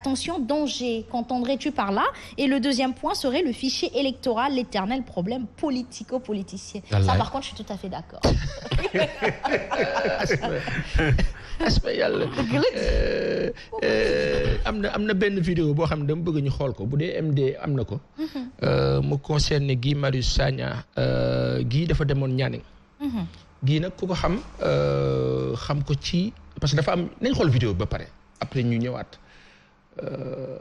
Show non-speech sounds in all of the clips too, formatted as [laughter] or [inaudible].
Attention, danger, qu'entendrais-tu par là Et le deuxième point serait le fichier électoral, l'éternel problème politico-politicien. Ça, par contre, je suis tout à fait d'accord. [laughs] [laughs] Euh, euh, am na am na benn vidéo boo xam ne dama bëgg ñu xool ko bu dee MD am na ko. Mhm. Euh, mu concerne Guy Marius Sagna Guy dafa demoon Nianing. Mhm. Guy nag ku ko xam xam ko ci parce que dafa am nañ xool vidéo ba pare après ñu ñëwaat. Euh,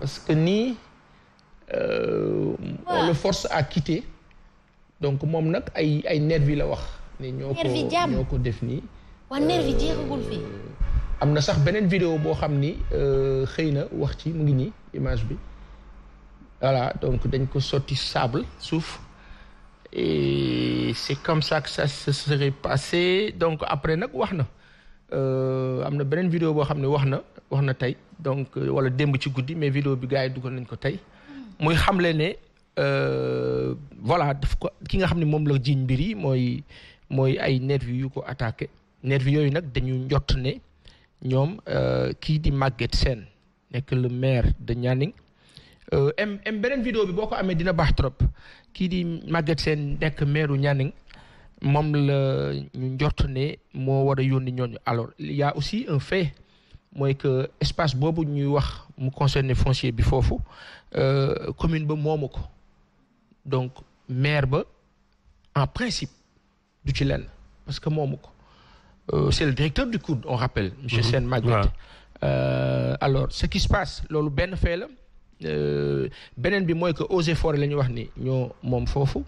parce que nii euh, on force à quitter donc moom nag ay ay nervi la wax ne ñoo ko ñoo ko def nii euh, am na sax beneen vidéo boo xam ni xëy na wax ci mu ngi ni image bi voilà donc dañ ko sotti sable suuf et c'est comme ça que ça serait passé donc après nag wax na Euh, am na beneen vidéo boo xam ne wax na wax na tey donc euh, wala démb ci guddi mais vidéo bi gars yi dugal nañ ko tey muy xamle ne euh, voilà daf ko ki nga xam ne moom la jiiñ mbir yi mooy mooy ay nervis yu ko attaqué nervis yooyu nag dañu njott ne ñoom kii di Maguette seen nekk le maire de Nianing m m beneen vidéo bi boo ko amee dina baax trop kii di Maguette seen nekk maireu Nianing moom la ñu njort ne moo war a yónni ñooñu alors il aussi un fait mooy que espace boobu ñuy wax mu concerné foncier bi foofu euh, commune ba moomu ko donc maire ba en principe du ci lenn parce que moomu ko euh, c'est le directeur du COUD on rappelle monsieur mm-hmm. Sène Maguette euh, alors ce qui se passe loolu benn fait la beneen bi mooy que eaux et forêts la ñu wax ni ñoo moom foofu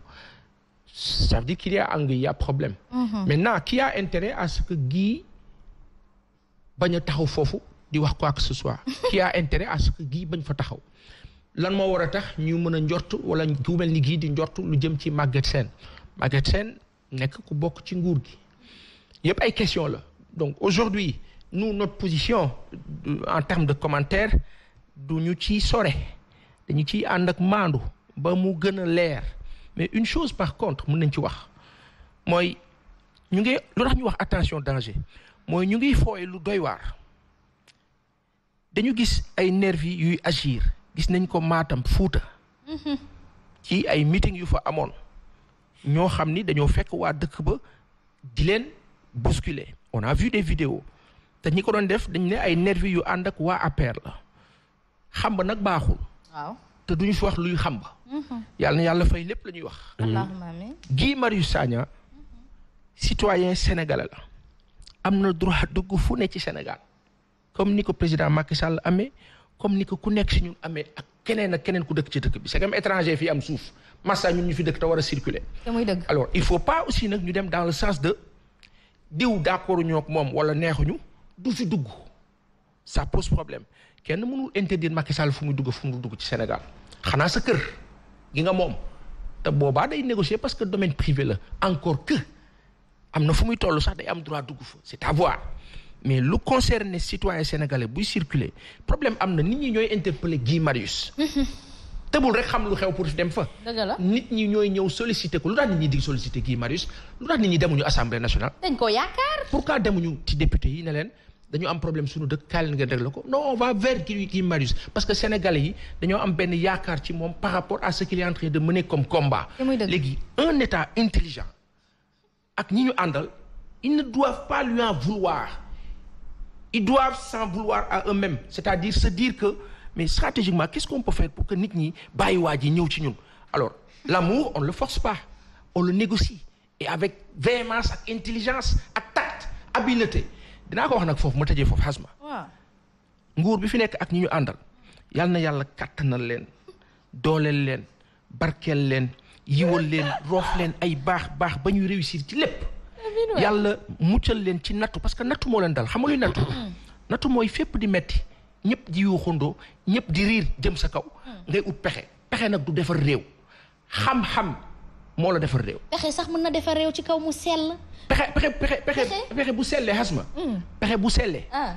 ça veut dire qu'il y a anguille, il y a problème. Mmh. Maintenant, a ce que Guy bañ a taxaw foofu di wax ko que ce soit. [laughs] qui a intérêt à ce que Guy bañ fa taxaw. lan moo war a tax ñu mën a njort wala ku mel ni Guy di njort lu jëm ci Maguette Sène Maguette Sène nekk ku bokk ci nguur gi yëpp ay question la donc aujourd'hui nu not position euh, en terme de commentaire du ñu ci sore dañu ciy ànd ak maandu ba mu gën a leer. mais une chose par contre mën nañ ci wax mooy ñu ngi lu tax ñu wax attention danger mooy ñu ngi fooye lu doy waar dañu gis ay nervi yuy agir gis nañ ko maatam Fuuta ci ay meeting yu fa amoon ñoo xam ni dañoo fekk waa dëkk ba di leen bousculer on a vie des vidéos te ñi ko doon def dañ ne ay nervi yu ànd ak waa APR la xam ba nag baaxul waaw te duñu fi wax luy xam mhm. yàlla yàlla fay lépp la ñuy wax Guy Marius Sagna citoyen sénégalais la am na droit dugg fu ne ci Sénégal comme ni ko président Macky Sall amee comme ni ko ku nekk si ñun amee ak keneen ak keneen ku dëkk ci dëkk bi c'est comme étranger fii am suuf massa ñun ñu fi dëkk te war a circuler alors il faut pas aussi nag ñu dem dans le sens de diw d'accord ñoo moom wala neexuñu du fi dugg ça pose problème kenn mënul interdire Macky Sall fu muy dugg fu mu dugg ci Sénégal xanaa sa kër gi nga moom te boobaa day négocier parce que domaine privé la encore que am na fu muy toll sax day am droit dugg fa c'est à voir mais lu concerne citoyen sénégalais buy circuler problème am na nit ñi ñooy interpeller Guy Marius [laughs] tëbul rek xam lu xew pour dem fa nit ñi ñooy ñëw solliciter ko lu tax nit ñi di solicité Guy Marius lu tax nit ñi demuñu assemblée nationale dañ ko yaakaar pourquoi demuñu ci député yi ne leen dañoo am problème suñu dëkk kaay leen ngeen régler ko non on va vers kii Marius parce que sénégalais yi dañoo am benn yaakaar ci moom par rapport à ce qu'il est en train de mener comme combat léegi un état intelligent ak ñi ñu àndal ils ne doivent pas lui en vouloir ils doivent s'en vouloir à eux-mêmes c'est-à-dire se dire que mais stratégiquement qu'est-ce qu'on peut faire pour que nit ñi bàyyi waa ji ñëw ci ñun alors l'amour on ne le force pas on le négocie et avec véhémence ak intelligence ak tact dinaa ko wax nag foofu ma tëjee foofu xasma. waaw nguur bi fi nekk ak ñi ñu àndal yal na yàlla kattanal leen dooleel leen barkeel leen yiwal leen roof leen ay baax baax ba ñuy réussir ci lépp. yàlla muccal leen ci nattu parce que nattu moo leen dal xam nga luy nattu. Mm. nattu mooy fépp di metti ñëpp di yuuxundoo ñëpp di riir jëm sa kaw. Mm. ngay ut pexe pexe nag du defar réew. xam-xam moo la defar réew. pexe sax mën na defar réew ci kaw mu sell. pexe pexe pexe pexe bu sellee xas ma. Hmm. pexe bu sellee. Ah.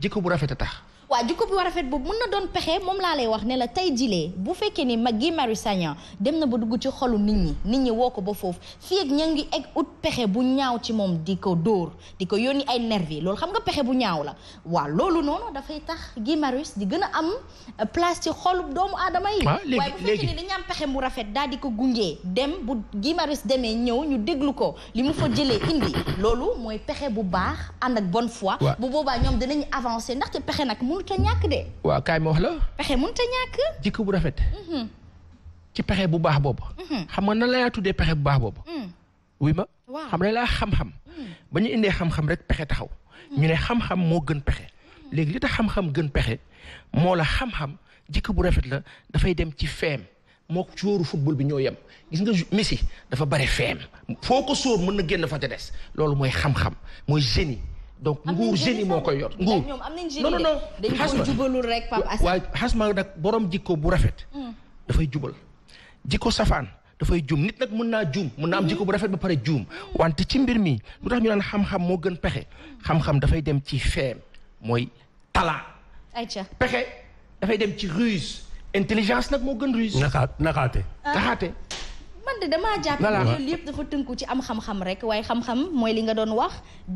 jikko bu rafet a tax. waa jikko bu rafet bu mën na doon pexe moom laa lay wax ne la tey jilee bu fekkee ni Guy Marius Sagna dem na ba dugg ci xolu nit ñi nit ñi woo ko ba foofu fii ak ña ngi egg ut pexe bu ñaaw ci moom di ko dóor di ko yónni ay nervi loolu xam nga pexe bu ñaaw la waaw loolu noonu dafay tax Guy Marius di gën a am euh, place ci xolub doomu aadama yi ah, waaye bu fekkee ni pexe mu rafet daal di ko gungee dem bu Guy Marius demee ñëw ñu déglu ko li mu fa jëlee indi loolu mooy pexe bu baax ànd ak bon fois bu boobaa ñoom dinañ avancer ndaxte pexe nag mënu mënut waaw kaay ma wax la. pexe mënut a ñàkk. jikko bu rafet. Mhm. ci pexe bu baax boobu. Mhm. xam nga nan la tuddee pexe bu baax boobu. wuy mhm. ma. waaw xam ne laa xam-xam. ba ñu indee xam-xam rek pexe taxaw. ñu ne xam-xam moo gën pexe. léegi li tax xam-xam gën pexe moo la xam-xam jikko bu rafet la dafay dem ci feem. moo sóoru football bi ñoo yam gis nga Messi dafa bare feem foo ko sóor mën na génn fa te des loolu mooy xam-xam mooy génie donc nguur jeunes moo koy yor nguur non non non xasma jubalul rek Pape Assane waaye xasma nag boroom jikko bu rafet hmm. dafay jubal jikko safaan dafay juum nit nag mën naa juum mën naa am hmm. jikko bu rafet ba pare juum wante ci mbir mi lu tax ñu naan xam-xam moo gën pexe xam-xam dafay dem ci feem mooy talaa pexe dafay dem ci ruse intelligence nag moo gën ruse naxaate ah. naxaate man de damaa jàpp loolu yëpp dafa tënku ci am xam-xam rek waaye xam-xam mooy li nga doon wax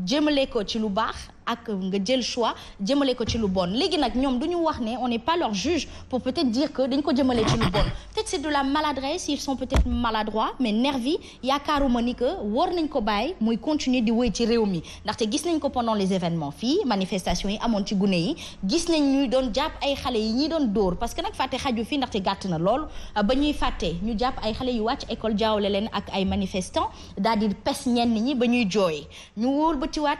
jëmale ko ci lu baax ak nga jël choix jëmale ko ci lu bon léegi nag ñoom du ñu wax ne on n'est pas leur juge pour peut-être dire que dañ ko jëmale ci lu bon peut-être c'est de la maladresse ils sont peut-être maladroits mais nervi yaakaaruma ni que war nañ ko bàyyi mooy continuer di wéy ci réew mi ndaxte gis nañ ko pendant les événements fii manifestation yi amoon ci gune yi gis nañ ñuy doon jàpp ay xale yi ñi doon dóor parce que nag fàtte xaju fii ndaxte gàtt na lool ba ñuy fàtte ñu jàpp ay xale yu wàcc école jaawle leen ak ay manifestants daal di ñi ba ñu wóor ba ci waat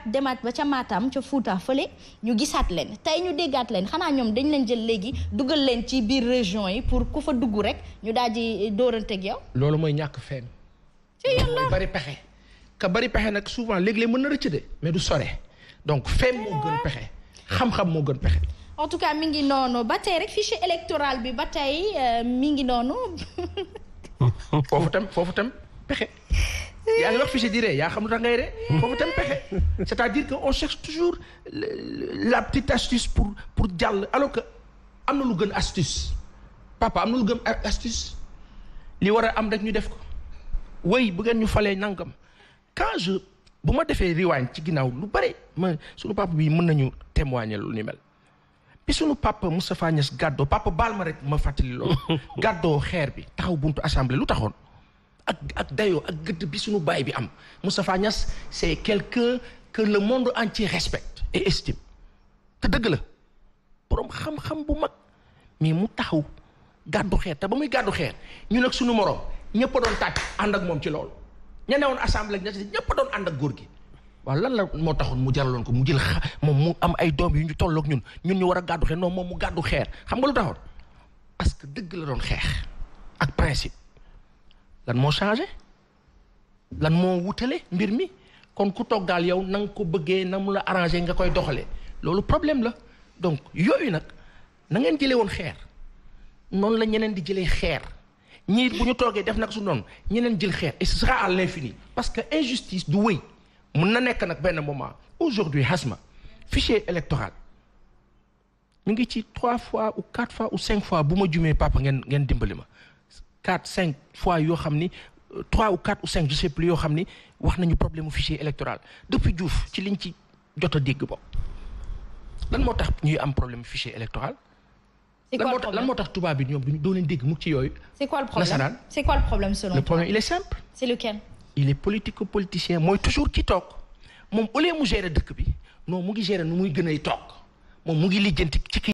ca Fouta fële ñu gisaat leen tey ñu déggaat leen xanaa ñoom dañ leen jël léegi dugal leen ci biir région yi pour ku fa dugg rek ñu daal di eh, teg yow. loolu mooy ñàkk fenn. ci yoon bari pexe. ka bari pexe nag souvent léeg-léeg mën na rëcc de mais du sore donc fenn moo gën pexe xam-xam moo gën pexe. en tout cas mi ngi noonu ba tey rek fichier électoral bi ba tey euh, mi ngi noonu. [laughs] foofu tam foofu tam pexe. yaa ngi wax fi si di yaa xam lu tax ngay ree foofu tam pexe c'est-à-dire que on cherche toujours la petite astuce pour pour jàll alors que am na lu gën astuce papa am na lu gën astuce li war a am rek ñu def ko way bu ngeen ñu falee nangam quand je bu ma defee riwaañ ci ginnaaw lu bari ma sunu papa bi mën nañu témoigner lu ni sunu papa Moustapha Niass gàddoo papa baal ma rek ma fàttali loolu [laughs] gàddoo xeer bi taxaw buntu assemblée lu taxoon ak ak dayoo ak gët bi suñu baay bi am Moustapha Niass c'est quelqu'un que le monde entier respecte et estime te dëgg la boroom xam-xam bu mag mais mu taxaw gàddu xeer te ba muy gàddu xeer ñun ak suñu moroom ñëpp a doon tàcc ànd ak moom ci loolu ña ne woon assemblée ña ñëpp a doon ànd ak góor gi waaw lan la moo taxoon mu jaraloon ko mu jël xa moom mu am ay doom yu ñu tollook ñun ñun ñu war a gàddu xeer non moom mu gàddu xeer xam nga lu taxoon parce que dëgg la doon xeex ak principe lan moo changé lan moo wutale mbir mi kon ku toog daal yow na nga ko bëggee na mu la arrangé nga koy doxalee loolu problème la donc yooyu nag na ngeen jëlee woon xeer noonu la ñeneen di jëlee xeer ñii bu ñu toogee def nag su noonu ñeneen jël xeer et ce sera à l'infini parce que injustice du wëy mun na nekk nag benn moment aujourd'hui xasma fichier électoral mu ngi ci trois fois ou quatre fois ou cinq fois bu ma jumee papa ngeen ngeen dimbali ma quatre cinq fois yoo xam ni euh, trois ou quatre cinq je plus yoo xam ni wax nañu problème mu fichier électoral depuis Diouf ci liñ ci jot a dégg bo lan moo tax ñuy am problème fichier électoral. c'est quoi lan moo tax tubaab bi ñoom doo leen dégg mukk ci yooyu. c'est quoi le problème il est simple. il est politico-politicien mooy toujours ki toog moom au lieu mu gérer dëkk bi noo mu ngi gérer nu muy gën ay toog moom mu ngi lijjanti ci kii.